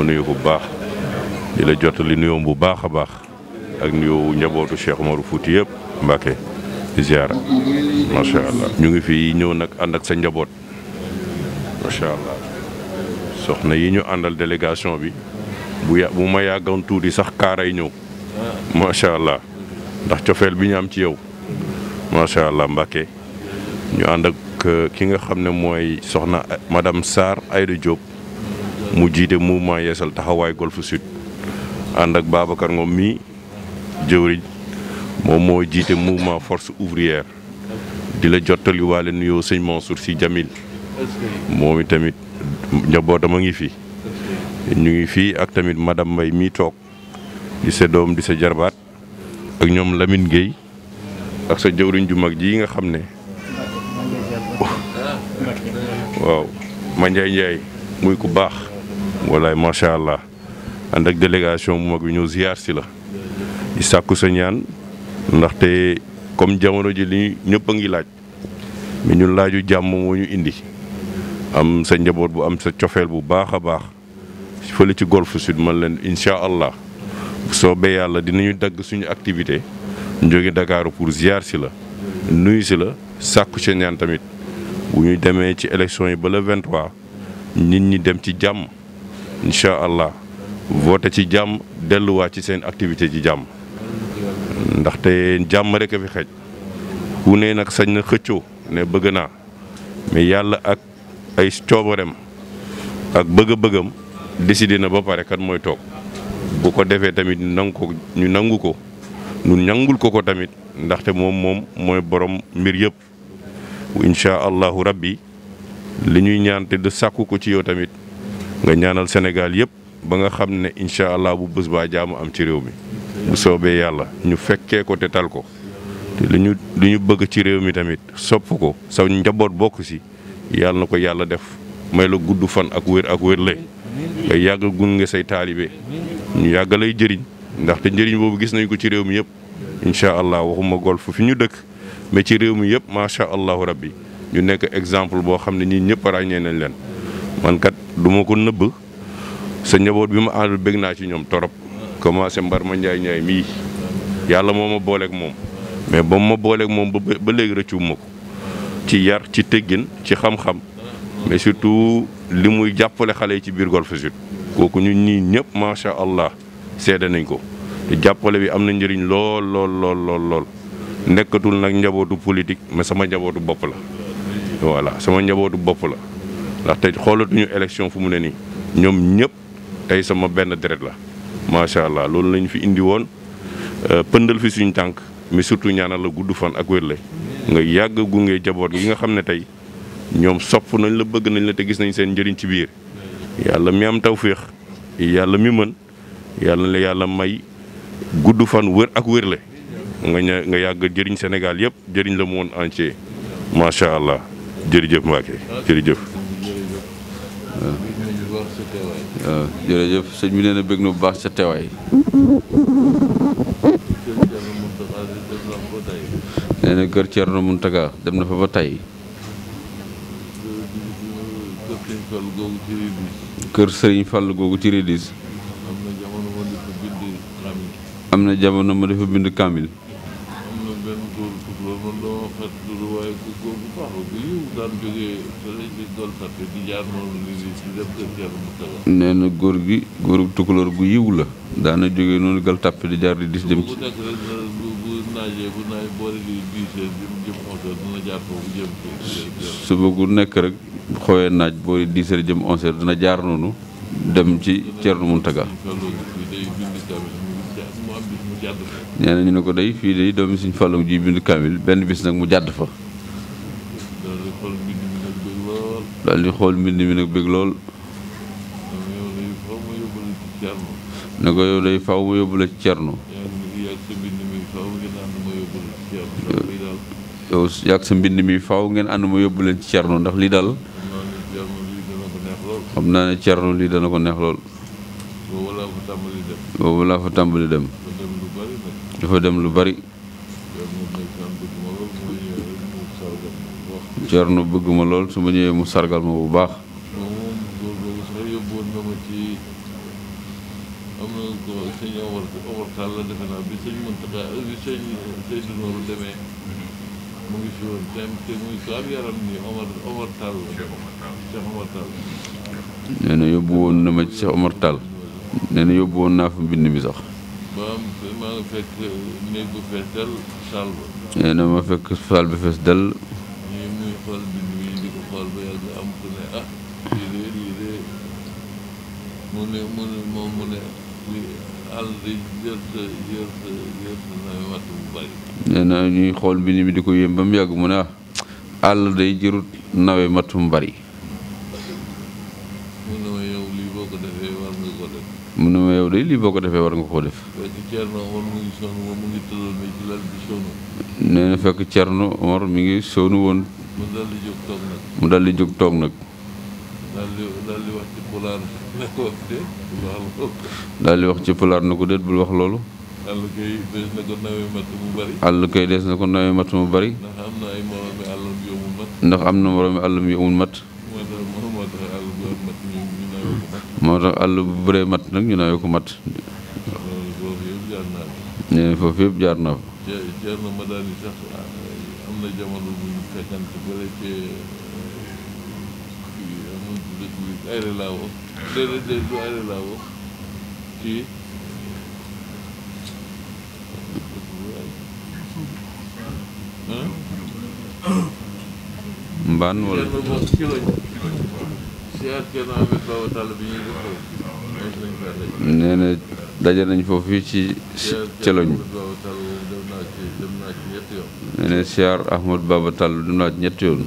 ma nuyu bu baax di la jottali nuyoom bu baax a baax ak nuyu njabootu Cheikh fuuti Fouti yëpp Mbacke di macha allah. ñu ngi fi ñëw nag ànd ak sa njaboot macha allah soxna yi ñu àndal délégation bi bu ya bu ma yàggoon tuuti sax kaaray ñëw macha allah ndax cofeel bi ñu am ci yow macha allah Mbacke ñu ànd ak ki nga xam ne mooy soxna madame Sarr Aïda Diop. mu jiite mouvement yeesal taxawaay golf sud ànd ak Babacar Ngom mii jëwriñ moom moo jiite mouvement force ouvrière di la jottali waale nuyoo sëñ Mansour si Jamil moom tamit njabootam a ngi fi ñu ngi fii ak tamit madame Mbaye mii toog di sa doom di sa jarbaat ak ñoom Lamine Gueye ak sa jëwriñ ju mag ji nga xam ne waaw Mandiaye Ndiaye muy ku baax walaay macha allah ànd ak délégation bu mag bi ñëw ziar si la di sàkku sa ñaan ndaxte comme jamono ji li ñëpp a ngi laaj mais ñun laaju jàmm moo ñu indi am sa njaboot bu am sa cofeel bu baax a baax fële ci golfe man leen incha allah soobee yàlla dinañu dagg suñu activité jóge Dakar pour si la nuyu la sàkku sa ñaan tamit bu ñu demee ci élection yi ba le 23 nit ñi dem ci jàmm. incha allah voté ci jàmm delluwaat ci seen activité ci jàmm ndaxte jàmm rek a fi xej ku ne nag sañ na xëccoo ne bëgg naa mais yàlla ak ay coobareem ak bëgg-bëggam décidé na ba pare kat mooy toog bu ko defee tamit ñu nangu ko ñu nangu ko ñu nangul ko ko tamit ndaxte moom moom mooy borom mbir yëpp incha allahu rabbi li ñuy ñaan te de sàkku ko ci yow tamit nga ñaanal Sénégal yëpp ba nga xam ne incha allah bu bés baa jaamu am ci réew mi bu soobee yàlla ñu fekkee ko te tal ko te lu ñu bëgg ci réew mi tamit sopp ko sa njaboot bokk si yàlla na ko yàlla def may la gudd fan ak wér ak wér la nga yàgg gunge say taalibe ñu yàgg lay jëriñ ndaxte njëriñ boobu gis nañ ko ci réew mi yëpp incha allah waxuma golf fi ñu dëkk mais ci réew mi yëpp macha allahu rabbi ñu nekk exemple boo xam ne ñii ñëpp ràññee nañ leen du ma ko nëbb sa njaboot bi ma àndul bég naa ci ñoom torop commencé mbar ma njaay njaay mii yàlla moo ma booleeg moom mais ba mu ma booleeg moom ba ba léegi rëccuwuma ko ci yar ci teggin ci xam-xam mais surtout li muy jàppale xale yi ci biir Golf Sud kooku ñun nii ñëpp macha allah seede nañ ko jàppale bi am na njëriñ lool lool lool lool nekkatul nag njabootu politique mais sama njabootu bopp la voilà sama njabootu bopp la. ndaxte xoolatuñu élection fu mu ne nii ñoom ñëpp tey sama benn deret la macha allah loolu lañu fi indi woon euh, pëndal fi suñu tànk mi surtout ñaanal la gudd fan ak wérle nga yàgg gunge jaboot gi nga xam ne tey ñoom sopp nañ la bëgg nañ la te gis nañ seen njëriñ ci biir yàlla mi am tawféex yàlla mi mën yàlla la yàlla may gudd fan wër ak wérle nga nga yàgg jëriñ Sénégal yëpp jëriñ la mu woon entier macha allah jërëjëf jëri jëf waaw jërëjëf sëñ bi nee na bëgg bu baax sa teewaay. nee na kër Thierno Mountaga dem na fa ba tey. kër Serigne fal googu ci Rédis. am na jamono ma dafa bind kaamil. bind kaamil. daan góor gi góor gu gu yiw la daana jógee noonu gal tàppe di jaar di dis dem ci. bu nekk rek bu bu naaj boole di jëm jëm onze heures jaar nekk rek xooyee naaj boole di jëm onze heures jaar noonu dem ci Thierno Mountaga. nee na ñu ne ko day fii day doomi suñu fàllam ji bind kaamil benn bis nag mu jàdd fa. daal di xool mbind mi nag bëgg lool ne ko yow day faw mu yóbbu la ci cerno yow yàgg sa mbind mi faw ngeen ànd ma yóbbu leen ci cerno ndax li dal xam naa ne cerno lii dana ko neex lool boobu laa fa tàmbali dem dafa dem lu bari Cerno bëgg ma lool su ma ñëwee mu sargal ma bu baax. la defe naa bi sëñ Mountakha bi sëñ Seydou Nourou demee mu ngi fi woon te muy ko yaram ni Omar Omar Tall Cheikh Omar naa fa mbind mi sax ba maa ngi fekk néeg fees dell saal ba nee ma fekk saal bi fees dell xool bind xool ba ñuy xool bind mi di ko yéem ba mu yàgg mu ne ah, àll day jërut nawe matum mu ne ma yow lii boo ko defee war nga ko def ma yow de lii boo ko defee war nga koo def fekk Cerno Omar mu mu ngi tëral mi ngi sonu woon mu dal di jóg toog nag. mu dal jóg toog nag. daal wax ci pulaar ne ko déet bul wax loolu. daal di wax des na ko nawee matt mu bari. ndax am na moroomi àll bu am matt moo tax àll bu bëree matt nag ñu nawee ko matt. loolu foofu yëpp jaar naa fa. na jamono bu ñu fekkante ci mu dëkk ay relaawo déedéet ay relaawo ci mbaan wala ci lañ si ak kenn amee bi ñuy def nee na daje nañ foofu ci celoñ nee na siyaar Ahmad Baba Tall dem naa ci ñetti yoon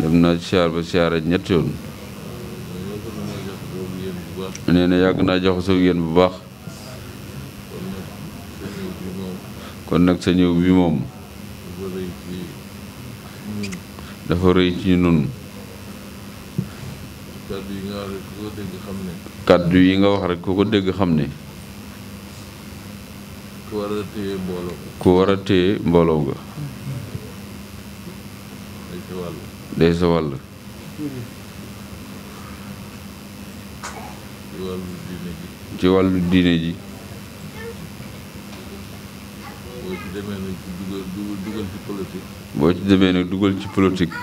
dem naa ci siyaar ba siyaara ñetti yoon nee yàgg naa jox soog yéen bu baax kon nag sa ñëw bi moom dafa rëy ci ñun kàddu yi nga wax rek ku ko dégg xam ne. kàddu ko dégg xam ne. ku war a téye mbooloo. ku war a téye mbooloo sa wàll. ci wàllu diine ji. boo ci demee nag dugal ci politique. boo ci demee nag dugal ci politique.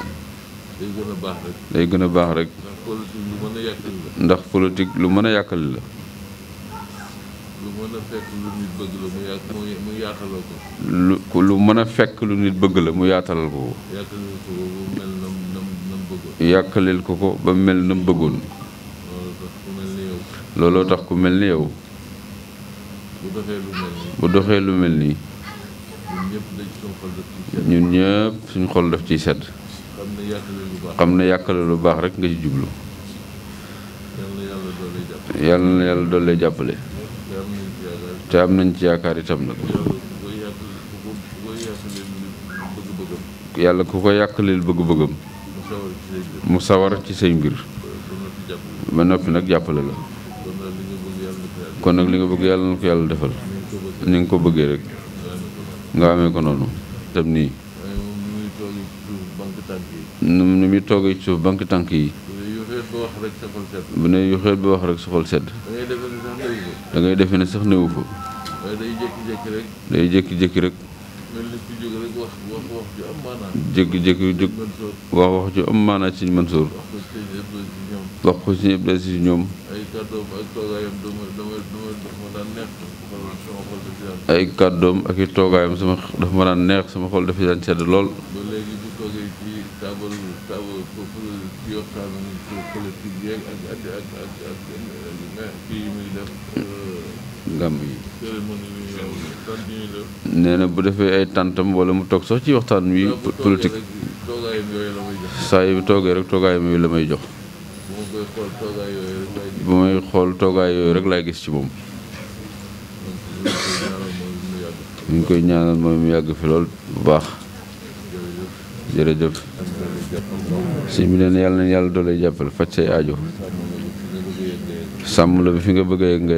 day gën a baax rek. ndax politique lu mën a yàqal la. lu mën a yàqal la. fekk lu nit bëgg la mu yàq mu yaatalal ko. ko. yàqalil ko ko ba mel na na mu bëggoon. mel na mu looloo tax ku mel ni yow. bu doxee lu mel nii. bu doxee ñun ñëpp suñu xol daf ciy sedd. xol daf ciy sedd. xam na yàqale lu baax rek nga ci jublu yàlla na yàlla dollee jàppale te am nañ ci yaakaar itam nag yàlla ku ko yàqaleel bëgg-bëggam mu sawar ci say mbir ba noppi nag jàppale la kon nag li nga bëgg yàlla na ko yàlla defal ni nga ko bëggee rek nga amee ko noonu tam nii nu nu muy toogee ci suuf bank tànk yi. bu ne yu xeet wax rek sa xol sedd. da defe ne sax néewu fa. day jékki rek. day jékki-jékki maanaa ci Mansour. wax ko ci ñëpp des ci ñoom. sama dafa ma daan neex sama xol dafa daan sedd lool. yeeg ak bu defee ay tàntam wala mu toog sax ci waxtaan wi politik saa yi bu toogee rek toogaayam yooyu la may jox. bu may xool toogaay yooyu rek laay gis ci moom. mu ngi koy ñaanal mooy mu yàgg fi lool bu baax. jërëjëf sëñ bi neen yàlla na yàlla doole jàppal faj say aajo sàmm la bi fi nga bëgg a yegg nga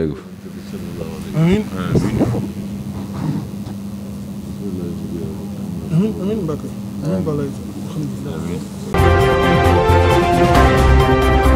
yegg